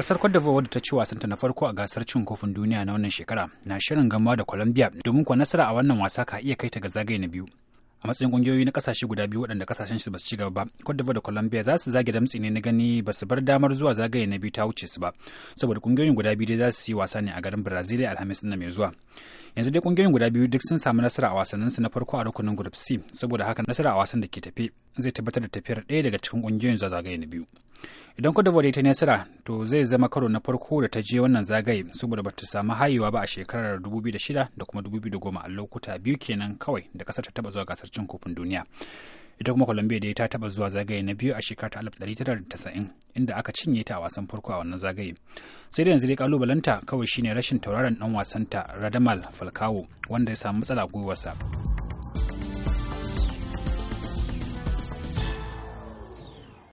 Kasar Cote d'Ivoire wadda ta ci wasanta na farko a gasar cin kofin duniya na wannan shekara na shirin gama da Colombia domin kuwa nasara a wannan wasa ka iya kai ta ga zagaye na biyu. A matsayin kungiyoyi na kasashe guda biyu waɗanda kasashen su ba su ci gaba ba, Cote d'Ivoire da Colombia za su zage damtsi ne na gani ba su bar damar zuwa zagaye na biyu ta wuce su ba, saboda kungiyoyin guda biyu dai za su yi wasa ne a garin Brazil Alhamis na mai zuwa. yanzu dai kungiyoyin guda biyu duk sun samu nasara a wasannin su na farko a rukunin group C saboda haka nasara a wasan da ke tafe zai tabbatar da tafiyar ɗaya daga cikin kungiyoyin zagaye na biyu. idan cote d'ivoire ta nasara to zai zama karo na farko da ta je wannan zagaye saboda ba ta samu hayewa ba a shekarar 2006 da kuma 2010 a lokuta biyu kenan kawai da kasar ta taba zuwa gasar cin kofin duniya ita kuma colombia dai ta taba zuwa zagaye na biyu a shekarar 1990 inda aka cinye ta a wasan farko a wannan zagaye sai da yanzu dai kalubalanta kawai shine rashin tauraron dan wasanta radamal falcao wanda ya samu matsala gwiwarsa.